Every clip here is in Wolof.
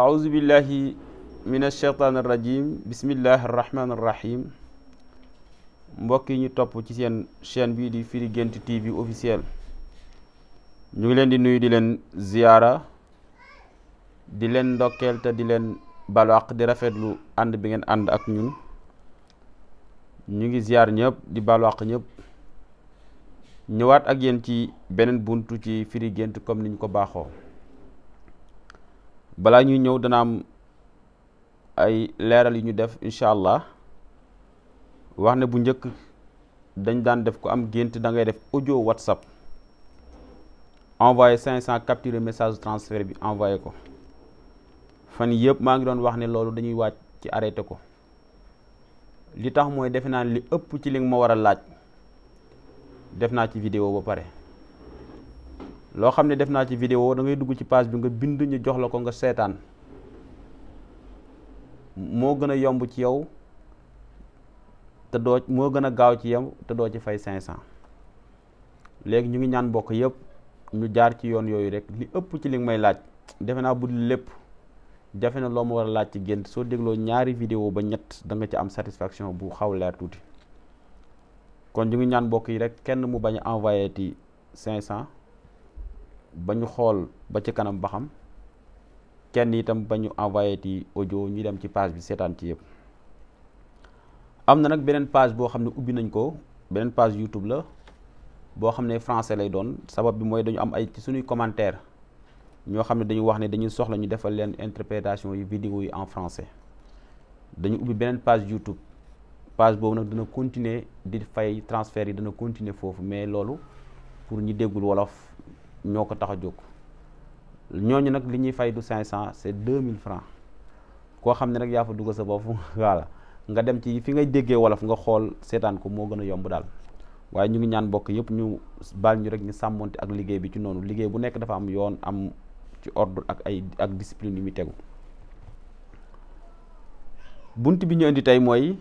أعوذ بالله من الشيطان الرجيم بسم الله الرحمن الرحيم mbokk yi ñu topp ci seen chaîne bii di Firi Guent TV officiel ñu ngi leen di nuyu di leen ziyaara di leen ndokkeel te di leen balu àq di rafetlu ànd bi ngeen ànd ak ñun ñu ngi ziyaar ñëpp di balu àq ñëpp ñëwaat ak yéen ci beneen buntu ci Firi comme ni ñu ko baaxoo balaa ñuy ñëw dana am ay leeral yu ñu def incha allah wax ne bu njëkk dañ daan def ko am gént da ngay def audio whatsapp envoyé 500 capturer message transfert bi envoyé ko fan yëpp maa ngi doon wax ne loolu dañuy wàcc ci arrêté ko li tax mooy defe naa li ëpp ci li nga ma war a laaj def naa ci vidéo ba pare loo xam ne def naa ci vidéo da dugg ci page bi nga bind ñu jox la ko nga seetaan moo gën a yomb ci yow te doo moo gën a gaaw ci yow te doo ci fay cinq 500 léegi ñu ngi ñaan bokk yëpp ñu jaar ci yoon yooyu rek li ëpp ci li nga may laaj defe naa bu lépp jafe na loo mu war a laaj ci gént soo dégloo ñaari vidéo ba ñett da nga ci am satisfaction bu xaw leer tuuti kon ñu ngi ñaan bokk yi rek kenn mu bañ a envoyé ti 500. ba ñu xool ba ci kanam ba xam kenn yitam ba ñu envoyé ti audio ñu dem ci page bi seetaan ci yëpp am na nag beneen page boo xam ne ubbi nañ ko beneen page YouTube la boo xam ne français lay doon sabab bi mooy dañu am ay ci suñuy commentaire ñoo xam ne dañu wax ne dañuy soxla ñu defal leen interprétation yu vidéo yi en français dañu ubbi beneen page YouTube page boobu nag dana continuer di fay transfert yi dana continuer foofu mais loolu pour ñu déggul wolof ñoo ko tax a jóg ñooñu nag li ñuy fay du cinq cent c'est deux mille francs koo xam ne rek yaa fa dugg sa bopp voilà nga dem ci fi ngay déggee wolof nga xool seetaan ko moo gën a yomb daal waaye ñu ngi ñaan bokk yëpp ñu baal ñu rek ñu sàmmonte ak liggéey bi ci noonu liggéey bu nekk dafa am yoon am ci ordre ak ay ak discipline yu muy tegu bunt bi ñu indi tey mooy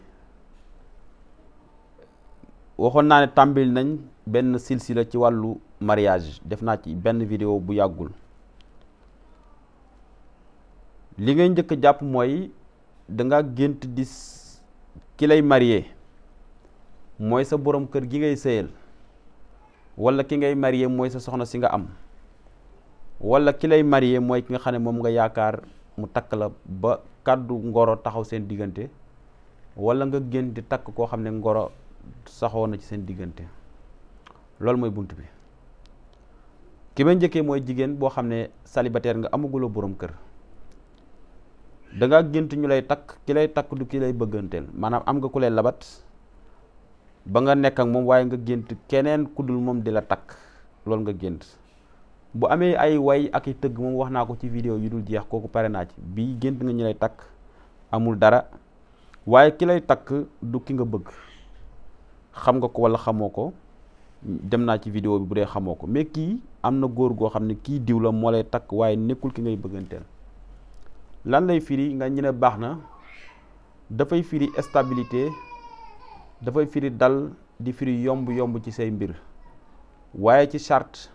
waxoon naa ne tàmbil nañ benn silsila ci wàllu mariage def naa ci benn vidéo bu yàggul li ngay njëkk a jàpp mooy danga gént di ki lay marié mooy sa borom kër gi ngay sëyal wala ki ngay marié mooy sa soxna si nga am wala ki lay marié mooy ki nga xam ne moom nga yaakaar mu takk la ba kàddu ngoro taxaw seen diggante wala nga gént di takk koo xam ne ngoro saxoo na ci seen diggante loolu mooy bunt bi ki may njëkkee mooy jigéen boo xam ne célibataire nga amaguloo boroom kër da nga gént ñu lay takk ki lay takk du ki lay bëgganteel maanaam am nga ku lay labat ba nga nekk ak moom waaye nga gént keneen ku dul moom di la takk loolu nga gént bu amee ay way ak i tëgg moom wax naa ko ci vidéo yu dul jeex kooku pare naa ci bii gént nga ñu lay takk amul dara waaye ki lay takk du ki nga bëgg xam nga ko walla xamoo ko dem naa ci vidéo bi bu dee xamoo ko mais kii am na góor goo xam ne kii diw la moo lay takk waaye nekkul ki ngay bëgganteel lan lay firi nga ñu ne baax na dafay firi stabilité dafay firi dal di firi yomb yomb ci say mbir waaye ci charte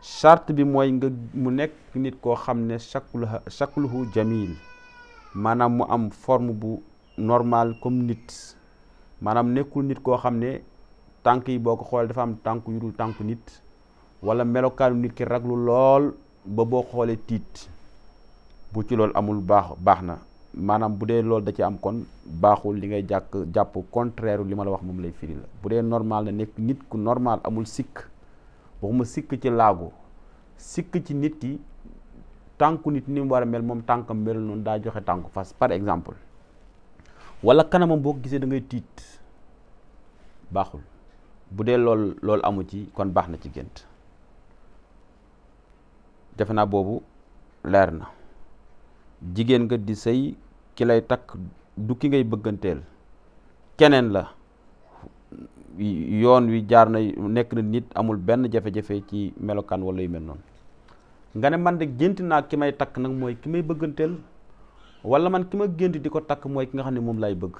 charte bi mooy nga mu nekk nit koo xam ne shakluha shakluhu jamil maanaam mu am forme bu normal comme nit maanaam nekkul nit koo xam ne tànk yi boo ko xoolee dafa am tànk yu dul tànk nit wala melokaanu nit ki raglu lool ba boo xoolee tiit bu ci loolu amul baax baax na maanaam bu dee lool da ci am kon baaxul li ngay jàkk jàpp contraire li ma la wax moom lay firi la bu dee normal na nekk nit ku normal amul sikk waxuma sikk ci laago sikk ci nit ki tànku nit ni mu war a mel moom tànkam mel noonu daa joxe tànku fas par exemple wala kanamam boo ko gisee dangay tiit baaxul bu dee lool loolu amu ci kon baax na ci gént defe naa boobu leer na jigéen nga di sëy ki lay takk du ki ngay bëgganteel keneen la yoon wi jaar na nekk na nit amul benn jafe-jafe ci melokaan wala yu mel noonu nga ne man de gént naa ki may takk nag mooy ki may bëgganteel wala man ki ma gént di ko takk mooy ki nga xam ne moom laay bëgg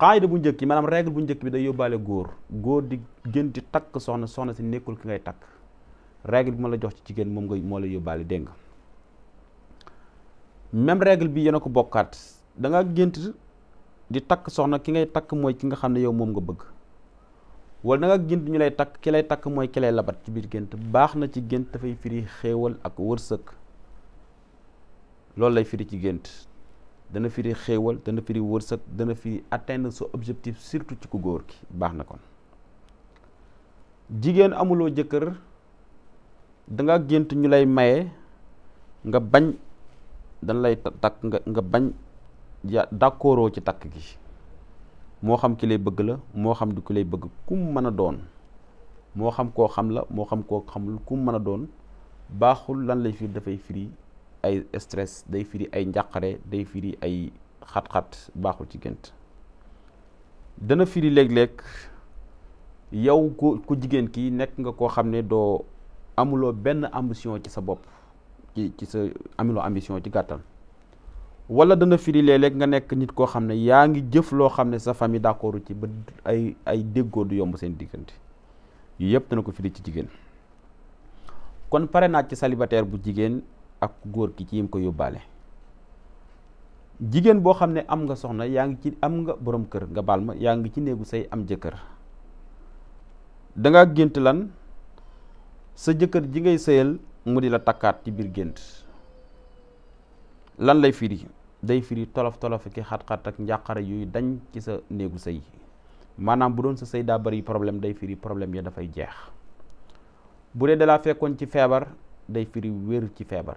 xaayida bu njëkk yi maanaam règle bu njëkk bi day yóbbaale góor góor di gént di takk soxna soxna si nekkul ki ngay takk règle bi ma la jox ci jigéen moom nga moo la yóbbaale dégg nga même règle bi yéen a ko bokkaat danga gént di takk soxna ki ngay takk mooy ki nga xam ne yow moom nga bëgg wala da nga gént ñu lay takk ki lay takk mooy ki lay labat ci biir gént baax na ci gént dafay firi xéewal ak wërsëg loolu lay firi ci gént dana firi xéewal dana firi wërsëg dana firi atteindre sa objectif surtout ci ku góor gi baax na kon jigéen amuloo jëkkër danga gént ñu lay maye nga bañ dañ lay takk nga nga bañ ya d'accordoo ci takk gi moo xam ki lay bëgg la moo xam du ki lay bëgg ku mën a doon moo xam koo xam la moo xam koo xamul ku mën a doon baaxul lan lay firi dafay firi ay stress day firi ay njàqare day firi ay xat-xat baaxul ci gént dana firi léeg-léeg yow ku ku jigéen ki nekk nga koo xam ne doo amuloo benn ambition ci sa bopp ci sa amuloo ambition ci gàttal wala dana firi léeg nga nekk nit koo xam ne yaa ngi jëf loo xam ne sa famille d'accord ci ba ay ay déggoo du yomb seen diggante yii dana ko firi ci jigéen kon pare naa ci célibataire bu jigéen ak góor ki ci yim ko yóbbaale jigéen boo xam ne am nga soxna yaa ngi ci am nga boroom kër nga baal ma yaa ngi ci néegu say am jëkkër danga gént lan sa jëkkër ji ngay sëyal mu di la takkaat ci biir gént lan lay firi day firi tolof tolof ki xat-xat ak njàqare yuy dañ ci sa néegu sëy maanaam bu doon sa sëy daa bari problème day firi problème ya dafay jeex bu dee dalaa fekkoon ci feebar day firi wér ci feebar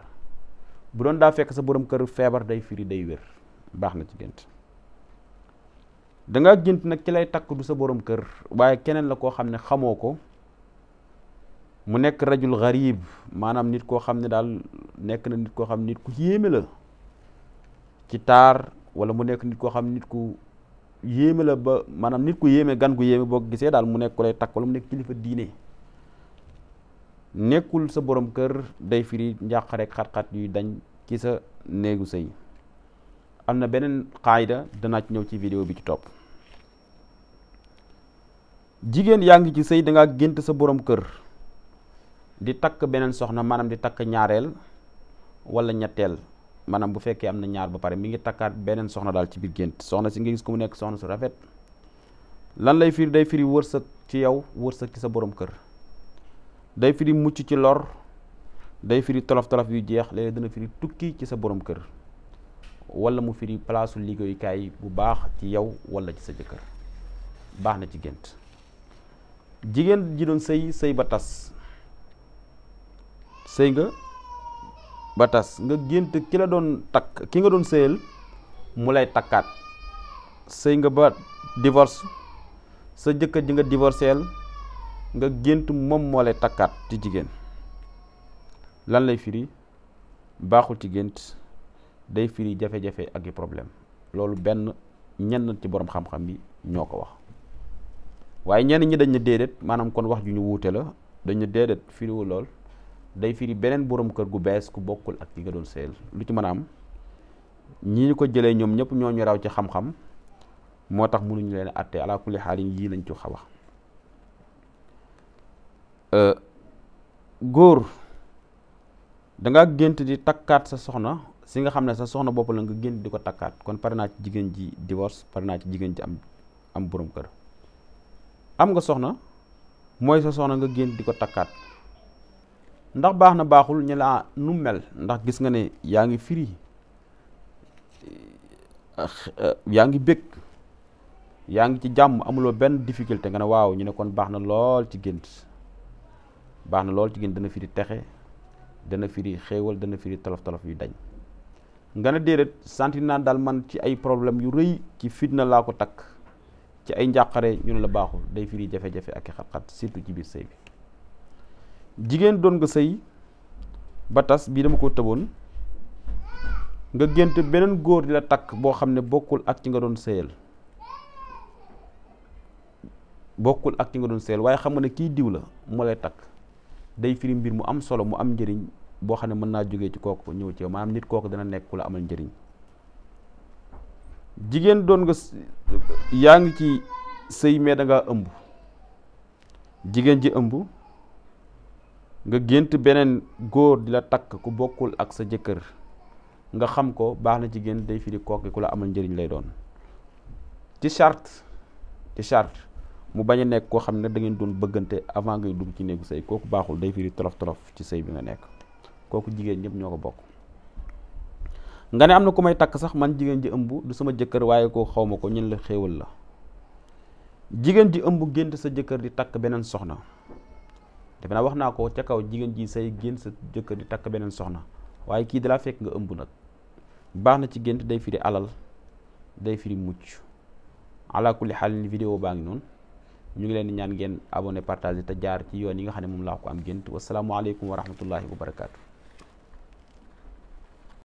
bu doon daa fekk sa borom kër feebar day firi day wér baax na ci gént danga gént nag ci lay takk du sa borom kër waaye keneen la koo xam ne xamoo ko mu nekk rajul garib maanaam nit koo xam ne daal nekk na nit koo xam nit ku yéeme la ci taar wala mu nekk nit koo xam nit ku yéeme la ba maanaam nit ku yéeme gan gu yéeme boo gisee daal mu nekk ku lay takk wala mu nekk kilifa diine nekkul sa borom kër day firi njàq rek xat-xat yuy dañ ci sa néegu sëy am na beneen xaayda danaa ci ñëw ci vidéo bi ci topp jigéen yaa ngi ci sëy da gént sa borom kër di takk beneen soxna maanaam di takk ñaareel wala ñetteel maanaam bu fekkee am na ñaar bu pare mi ngi takkaat beneen soxna daal ci biir gént soxna si nga gis ko mu nekk soxna su rafet lan lay firi day firi wërsëg ci yow wërsëg ci sa boroom kër day firi mucc ci lor day firi tolof-tolof yu jeex léeg dana firi tukki ci sa borom kër walla mu firi palaasu liggéeyukaay bu baax ci yow walla ci sa jëkkër baax na ci gént jigéen ji doon sëy sëy ba tas sëy nga ba tas nga gént ki la doon takk ki nga doon sëyal mu lay takkaat sëy nga ba divorce sa jëkkër ji nga divorceel nga gént moom moo lay takkaat ci jigéen lan lay firi baaxul ci gént day firi jafe-jafe ak i problème loolu benn ñenn ci borom xam-xam bi ñoo ko wax waaye ñenn ñi dañ ne déedéet maanaam kon wax ju ñu wuute la dañ ne déedéet firiwu lool day firi beneen borom kër gu bees ku bokkul ak ki nga doon seel lu ci mën a am ñi ñu ko jëlee ñoom ñëpp ñoo ñu raw ci xam-xam moo tax mënuñu leen àttee alaa kulli xaal yii lañ ci wax Euh, góor danga gént di takkaat sa soxna si nga xam ne sa soxna bopp la nga gént di ko takkaat kon pare naa ci jigéen ji divorce pare naa ci jigéen ji am am borom kër am nga soxna mooy sa soxna nga gént di ko takkaat ndax baax na baaxul ñu la nu mel ndax gis nga ne yaa ngi firi eh, yaa ngi bëgg yaa ngi ci jàmm amuloo benn difficulté nga ne waaw ñu ne kon baax na lool ci gént baax na lool jigéen dana firi texe dana firi xéewal dana firi tolof-tolof yu dañ nga ne déedéet sentir naa daal man ci ay problème yu rëy ci fitna laa ko takk ci ay njàqare ñun la baaxul day firi jafe-jafe ak i xat-xat surtout ci biir sëy bi jigéen doon nga sëy ba tas bii dama ko tëboon nga gént beneen góor di la takk boo xam ne bokkul ak ci nga doon sëyal bokkul ak ci nga doon sëyal waaye xam ne kii diw la moo lay takk day firi mbir mu am solo mu am njëriñ boo xam ne mën naa jóge ci kooku ñëw ci maanaam nit kooku dana nekk ku la amal njariñ jigéen doon nga yaa ngi ci sëy mais da ngaa ëmb jigéen ji ëmb nga gént beneen góor di la takk ku bokkul ak sa jëkkër nga xam ko baax na jigéen day firi kooku ku la amal njëriñ lay doon ci charte ci charte mu bañ a nekk koo xam ne dangeen doon bëggante avant ngay dugg ci néegu sëy kooku baaxul day firi tolof tolof ci sëy bi nga nekk kooku jigéen ñëpp ñoo ko bokk nga ne am na ku may takk sax man jigéen ji ëmb du sama jëkkër waaye koo xaw ma ko ñun la xéewal la jigéen ji ëmb gént sa jëkkër di takk beneen soxna defe naa wax naa ko ca kaw jigéen ji say génn sa jëkkër di takk beneen soxna waaye kii dalaa fekk nga ëmb nag baax na ci gént day firi alal day firi mucc ala kulli xaalin vidéo baa ngi noonu ñu ngi leen di ñaan ngeen abonné partagé te jaar ci yoon yi nga xam ne moom laa ko am gént wasalaamualeykum wa rahmatullahi wa barakaatu.